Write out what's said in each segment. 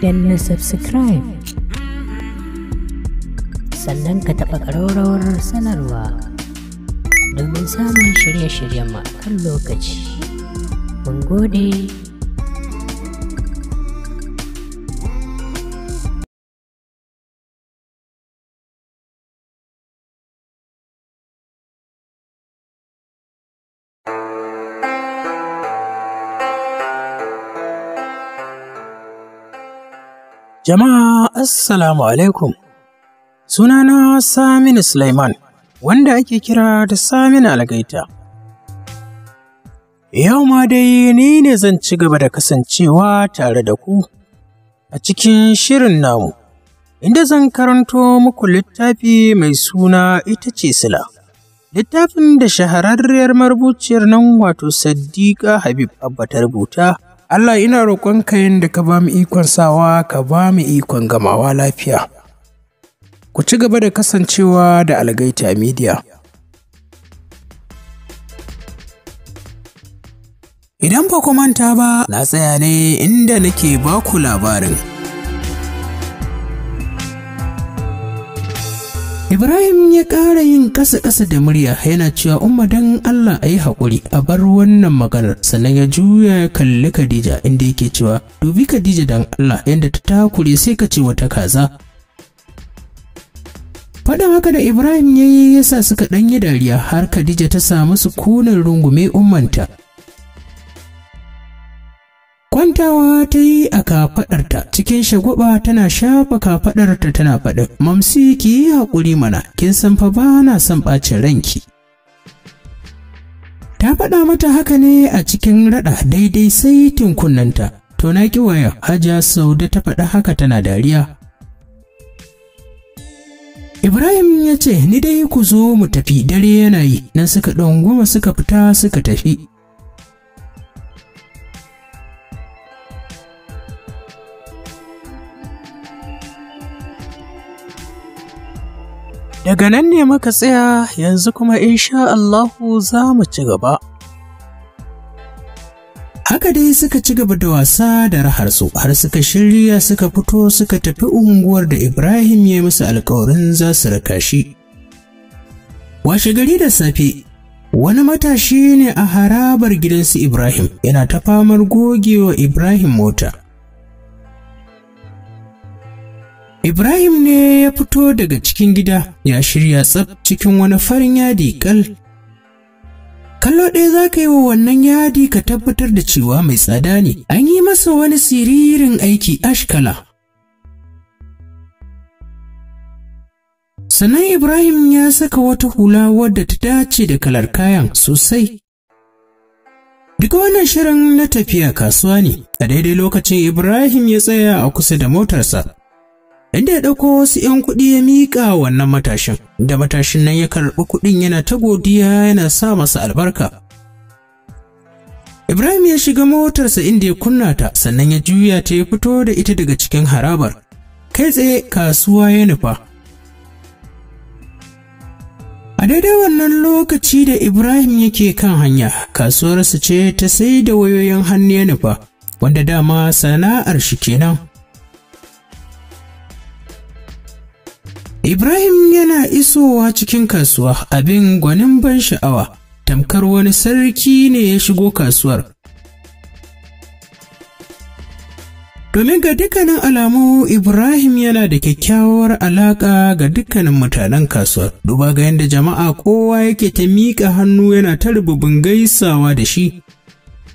na subscribe sannan ka taɓa ƙararrawar sanarwa domin samun shirye-shiryen kan lokaci mun gode Jama'a Assalamu alaikum. Sunana Saminu Sulaiman, wanda ake kira da Saminu Algaita. Yau ma dai ni ne zan ci gaba da kasancewa tare da ku a cikin shirin namu, inda zan karanto muku littafi mai suna ita ce sila. Littafin da shahararriyar marubuciyar nan wato Saddiqa Habib Abba ta rubuta. Allah ina roƙonka yadda ka ba mu ikon sawa ka ba mu ikon gamawa lafiya. Ku ci gaba da kasancewa da Algaita Media. Idan ba ku manta ba, na tsaya ne inda nake baku labarin. Ibrahim ya ƙara yin ƙasa-ƙasa da murya yana cewa umma dan Allah a yi haƙuri a bar wannan maganar sannan ya juya ya kalli Khadija inda yake cewa dubi Khadija dan Allah yadda ta takure sai ka ce wata kaza. Faɗin haka da Ibrahim ya yi yasa suka ɗanyi dariya har Khadija ta samu sukunin rungume ummanta. kwantawa ta yi a kafaɗarta cikin shagwaba tana shafa kafaɗarta tana faɗin mamsi ki yi haƙuri mana kin san fa ba na son ɓacin ranki ta faɗa mata haka ne a cikin raɗa daidai sai tinkunnanta to na ki waya hajiya da ta faɗa haka tana dariya Ibrahim ya ce, Ni dai ku zo mu tafi dare yana yi, nan suka ɗan goma suka fita suka tafi. Daga nan ne muka tsaya yanzu kuma in sha Allahu za mu ci gaba. Haka dai suka ci gaba da wasa da raharsu har suka shirya suka fito suka tafi unguwar da Ibrahim ya yi musu alkawarin za su raka shi. Washe gari da safe, wani matashi ne a harabar gidansu Ibrahim yana ta famar gogewa Ibrahim mota. Ibrahim ne ya fito daga cikin gida ya shirya tsab cikin wani farin yadi kal. Kallo ɗaya za ka yi wa wannan yadi ka tabbatar da cewa mai tsada ne, an yi masa wani siririn aiki ashkala. Sannan Ibrahim ya saka wata hula wadda ta dace da kalar kayan sosai. Duka wannan shirin na tafiya kasuwa ne, a daidai lokacin Ibrahim ya tsaya a kusa da motarsa. inda ya ɗauko wasu 'yan kuɗi ya miƙa wannan matashin da matashin nan ya karɓi kuɗin yana ta godiya yana sa masa albarka Ibrahim ya shiga motarsa inda ya kunna ta sannan ya juya ta ya fito da ita daga cikin harabar. Kai tsaye kasuwa ya nufa. A daidai wannan lokaci da Ibrahim yake kan hanya, kasuwarsa ce ta sai da wayoyin hannu ya nufa, wanda dama sana'ar shi kenan. Ibrahim yana isowa cikin kasuwa abin gwanin ban sha'awa, tamkar wani sarki ne ya shigo kasuwar. Domin ga dukkanin alamu Ibrahim yana da kyakkyawar alaƙa ga dukkanin mutanen kasuwar, duba ga yadda jama'a kowa yake ta miƙa hannu yana ta rububin gaisawa da shi.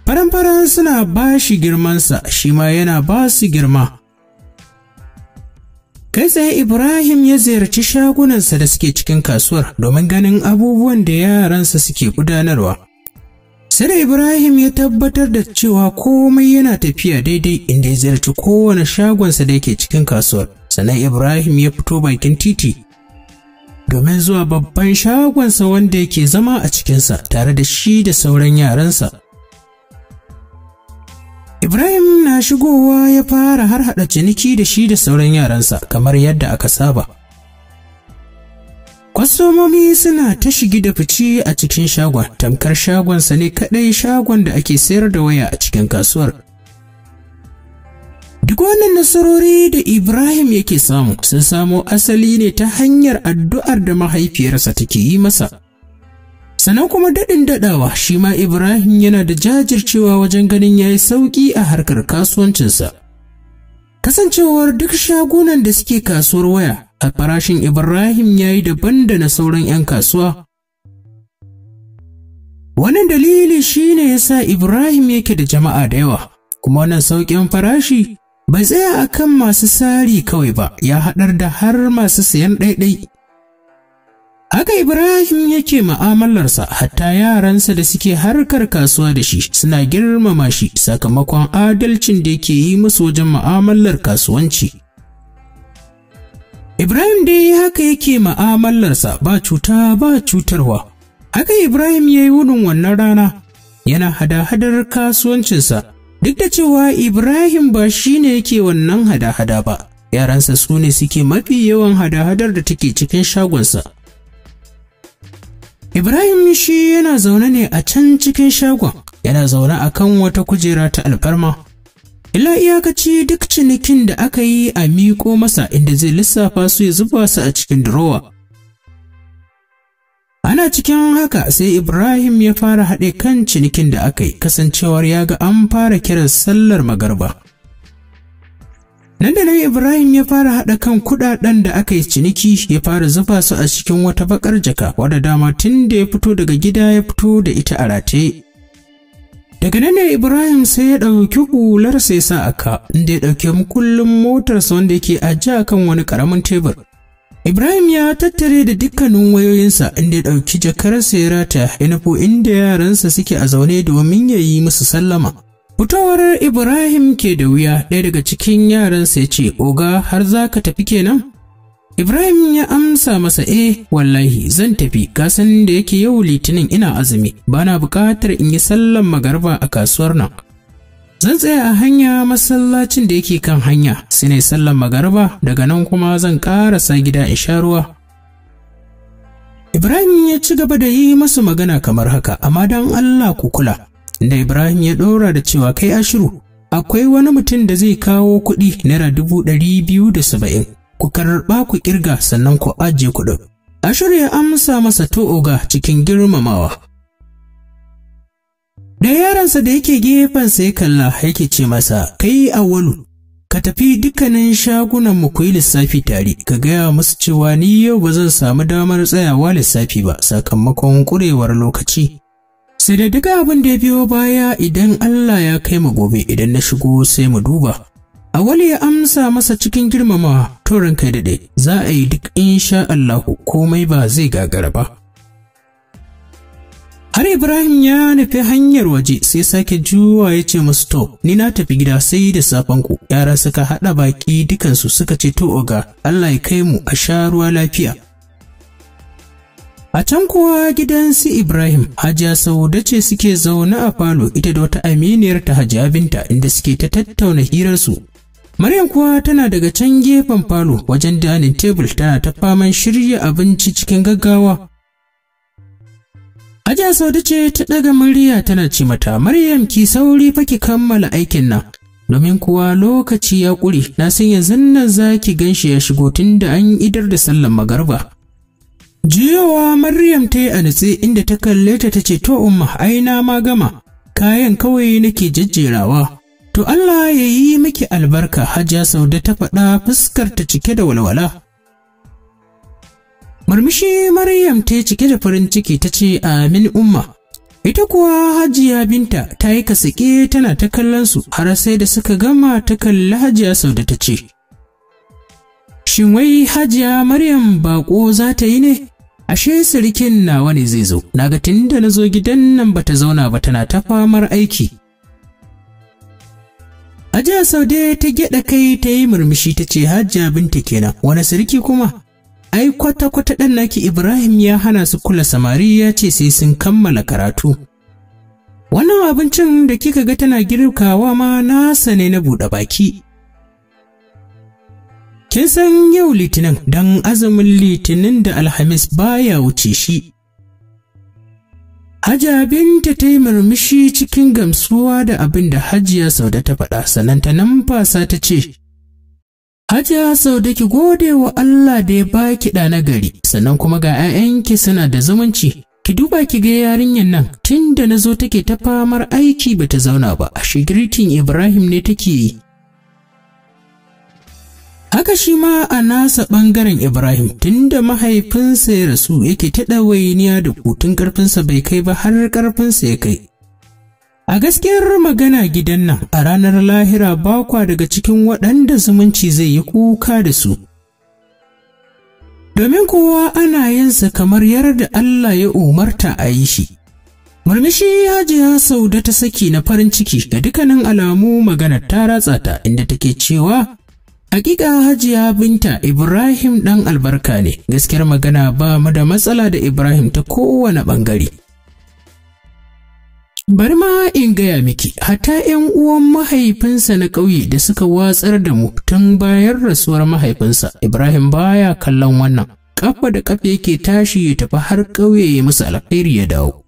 Faran-faran suna ba shi girmansa, shi ma yana ba su girma. Kai tsaye Ibrahim ya ziyarci shagunansa da suke cikin kasuwar domin ganin abubuwan da yaransa suke gudanarwa. Sai Ibrahim ya tabbatar da cewa komai yana tafiya daidai inda ya ziyarci kowane shagonsa da yake cikin kasuwar. Sannan Ibrahim ya fito bakin titi domin zuwa babban shagonsa wanda yake zama a cikinsa tare da shi da sauran yaransa. Ibrahim na shigowa ya fara har haɗa ciniki da shi da sauran yaransa kamar yadda aka saba. Kwasomomi suna ta shigi da fice a cikin shagon, tamkar shagonsa ne kaɗai shagon da ake sayar da waya a cikin kasuwar. Duk wannan nasarori da Ibrahim yake samu sun samo asali ne ta hanyar addu'ar da mahaifiyarsa take yi masa. sannan kuma daɗin daɗawa shi ma Ibrahim yana da jajircewa wajen ganin ya yi sauƙi a harkar kasuwancinsa kasancewar duk shagunan da suke kasuwar waya a farashin Ibrahim ya yi daban da na sauran 'yan kasuwa wannan dalili shi ne ya sa Ibrahim yake da jama'a da yawa kuma wannan sauƙin farashi bai tsaya akan masu sari kawai ba ya haɗar da har masu sayan ɗaiɗai Haka Ibrahim yake ma'amalarsa hatta yaransa da suke harkar kasuwa da shi suna girmama shi sakamakon adalcin da yake yi musu wajen ma'amalar kasuwanci. Ibrahim da dai haka yake ma'amalarsa ba cuta ba cutarwa. Haka Ibrahim ya yi wurin wannan rana yana hada-hadar kasuwancinsa duk da cewa Ibrahim ba shi ne yake wannan hada-hada ba. Yaransa su ne suke mafi yawan hada-hadar da take cikin shagonsa. Ibrahim shi yana zaune ne a can cikin shagon, yana zaune a kan wata kujera ta alfarma. Ila iyakaci duk cinikin da aka yi a miko masa inda zai lissafa su ya zuba su a cikin durowa. Ana cikin haka sai Ibrahim ya fara haɗe kan cinikin da aka yi kasancewar ya ga an fara kiran sallar magarba. Nan da nan Ibrahim ya fara haɗa kan kuɗaɗen da aka yi ciniki ya fara zuba su a cikin wata bakar jaka wadda dama tun da ya fito daga gida ya fito da ita a rataye. Daga nan ne Ibrahim sai ya ɗauki hular sai sa aka inda ya ɗauki mukullin motarsa wanda yake ajiye kan wani ƙaramin tebur. Ibrahim ya tattare da dukkanin wayoyinsa inda ya ɗauki jakar ya rata ya nufo inda yaransa suke a zaune domin ya yi musu sallama. Fitowar Ibrahim ke da wuya ɗaya daga cikin yaransa ya ce, Oga har za ka tafi kenan? Ibrahim ya amsa masa e wallahi zan tafi kasan da yake yau litinin ina azumi bana buƙatar in yi sallan magarba a kasuwar nan. Zan tsaya a hanya masallacin da yake kan hanya sai na yi sallan magarba daga nan kuma zan ƙarasa gida in sha ruwa. Ibrahim ya ci gaba da yi masu magana kamar haka amma don Allah ku kula da Ibrahim ya ɗora da cewa kai ashiru akwai wani mutum da zai kawo kuɗi naira dubu ɗari biyu da saba'in ku karɓa ku ƙirga sannan ku ajiye kuɗin. Ashiru ya amsa masa to oga cikin girmamawa. Da yaransa da yake gefensa ya kalla yake ce masa kai awalu ka tafi dukkanin shagunan mu kuyi lissafi tare ka gaya musu cewa ni yau ba zan samu damar tsayawa lissafi ba sakamakon kurewar lokaci sai da duka abin da ya biyo baya idan Allah ya kai mu gobe idan na shigo sai mu duba Awali ya amsa masa cikin girmama to ranka daɗe za a yi duk in sha Allahu komai ba zai gagara ba Har Ibrahim ya nufi hanyar waje sai sake juwa ya ce musu to ni na tafi gida sai da safenku, yara suka haɗa baki dukansu suka ce to oga Allah ya kai mu a sha ruwa lafiya A can kuwa gidan su Ibrahim, Hajiya Sauda ce suke zaune a falo ita da wata aminiyar ta Hajiya Binta inda suke ta tattauna hirarsu. Maryam kuwa tana daga can gefen falo wajen dining table tana ta faman shirya abinci cikin gaggawa. Hajiya Sauda ce ta ɗaga murya tana ce mata, Maryam ki sauri fa ki kammala aikin nan. Domin kuwa lokaci ya ƙure, na san yanzu nan za ki ganshi ya shigo tunda an idar da sallan magarba. Jiyawa Maryam ta yi a natse inda ta kalle ta ta ce, To, umma, aina ma gama, kayan kawai nake jejjerawa, To, Allah ya yi miki albarka hajiya da ta faɗa fuskar ta cike da walwala. Marmishi Maryam ta yi cike da farin ciki ta ce, Amin umma. Ita kuwa hajiya binta ta yi kasake tana ta kallon har sai da suka gama ta kalli hajiya sauda ta ce. Shin wai hajiya Maryam baƙo za ta yi ne? ashe sirikin nawa ne zai zo naga tunda na zo gidan nan bata zauna ba tana ta famar aiki Hajiya Saude ta gyaɗa kai ta yi murmushi ta ce Hajiya binta kenan wani siriki kuma ai kwata-kwata ɗan naki Ibrahim ya hana su kula samari ya ce sai sun kammala karatu. Wannan abincin da kika ga tana girkawa ma nasa ne na buɗe baki. Kin san yau litinin don azumin litinin da alhamis baya wuce shi. Hajiya Binta ta yi murmushi cikin gamsuwa da abin da Hajiya Sauda ta faɗa sannan ta numfasa ta ce, Hajiya Sauda ki gode wa Allah da ya ba ki ɗa na gari, sannan kuma ga ‘ya'yanki suna da zumunci. Ki duba ki ga yarinyar nan tun da na zo take ta famar aiki ba ta zauna ba, a shigirtin Ibrahim ne take yi. Haka shi ma a nasa ɓangaren Ibrahim tunda mahaifinsa ya rasu yake ta ɗawainiya da kutun ƙarfinsa bai kai ba har ƙarfinsa ya kai. A gaskiyar magana gidan nan a ranar lahira bakwa daga cikin waɗanda zumunci zai yi kuka da su. Domin kowa ana yinsa kamar yarda Allah ya umarta a yi shi. Murmushi ya sau da ta saki na farin ciki ga dukkanin alamu maganar ta ratsa ta inda take cewa Hakika Hajiya Binta Ibrahim ɗan albarka ne, gaskiyar magana ba mu da matsala da Ibrahim ta kowane ɓangare. Bari ma in gaya miki, hata ‘yan uwan mahaifinsa na ƙauye da suka watsar da mu tun bayan rasuwar mahaifinsa, Ibrahim baya kallon wannan, ƙafa da ƙafa yake tashi ya tafi har ƙauye ya musu alkhairi ya dawo.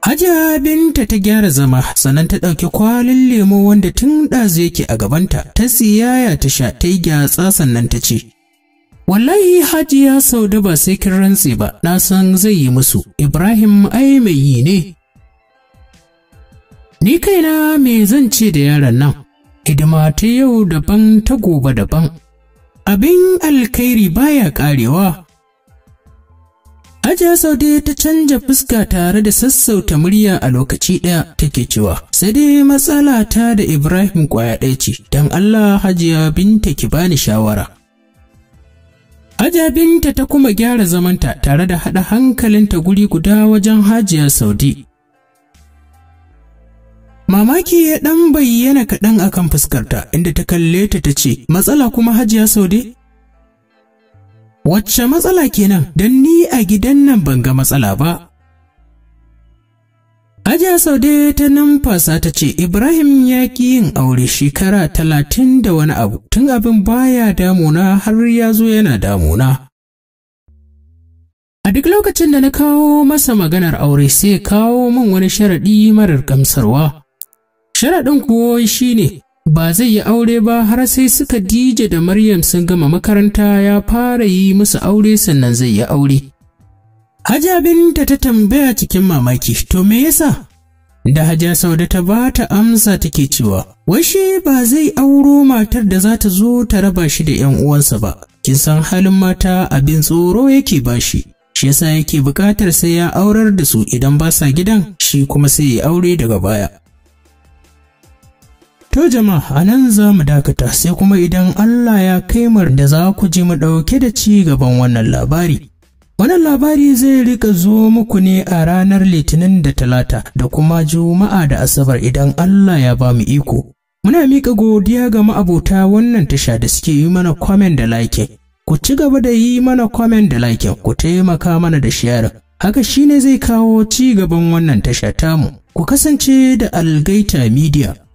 Hajiya Binta ta gyara zama sannan ta ɗauki kwalin lemo wanda tun ɗazu yake a gabanta ta siyaya ta sha ta yi gyatsa sannan ta ce Wallahi ya Saude ba sai kin rantse ba na san zai yi musu Ibrahim ai mai yi ne Ni kaina me zan ce da yaron nan hidima ta yau daban ta gobe daban abin alkhairi baya karewa Hajiya Saude ta canja fuska tare da sassauta murya a lokaci ɗaya take cewa, sai dai matsala ta da Ibrahim kwaya ɗaya ce, don Allah Hajiya Binta ki bani shawara. Hajiya Binta ta kuma gyara zamanta tare da haɗa hankalinta guri guda wajen Hajiya saudi Mamaki ya ɗan bayyana kaɗan akan fuskarta inda ta kalle ta ta ce, Matsala kuma Hajiya Saude? Wacce matsala kenan? Don ni a gidan nan ban ga matsala ba. Hajiya Saude ta numfasa ta ce Ibrahim ya ki yin aure shekara talatin da wani abu tun abin baya damuna har ya zo yana damuna. A duk lokacin da na kawo masa maganar aure sai kawo min wani sharaɗi marar gamsarwa. Sharaɗin kuwa shi ne ba zai yi aure ba har sai suka dije da Maryam sun gama makaranta ya fara yi musu aure sannan zai yi aure. Haja binta ta tambaya cikin mamaki, to me yasa? Da Haja Sauda ta ba ta amsa take cewa, washe ba zai auro matar da za ta zo ta raba shi da ‘yan uwansa ba, kin san halin mata abin tsoro yake ba shi, shi yasa yake buƙatar sai ya aurar da su idan ba sa gidan, shi kuma sai ya aure daga baya. To jama'a a nan za mu dakata sai kuma idan Allah ya kai mu da za ku ji mu ɗauke da ci gaban wannan labari. Wannan labari zai rika zo muku ne a ranar Litinin da Talata da kuma Juma'a da Asabar idan Allah ya ba mu iko. Muna mika godiya ga ma'abota wannan tasha da suke yi mana comment da like. Ku ci gaba da yi mana kwamen da like, ku taimaka mana da share. Haka shine zai kawo ci gaban wannan tasha tamu. Ku kasance da Algaita Media.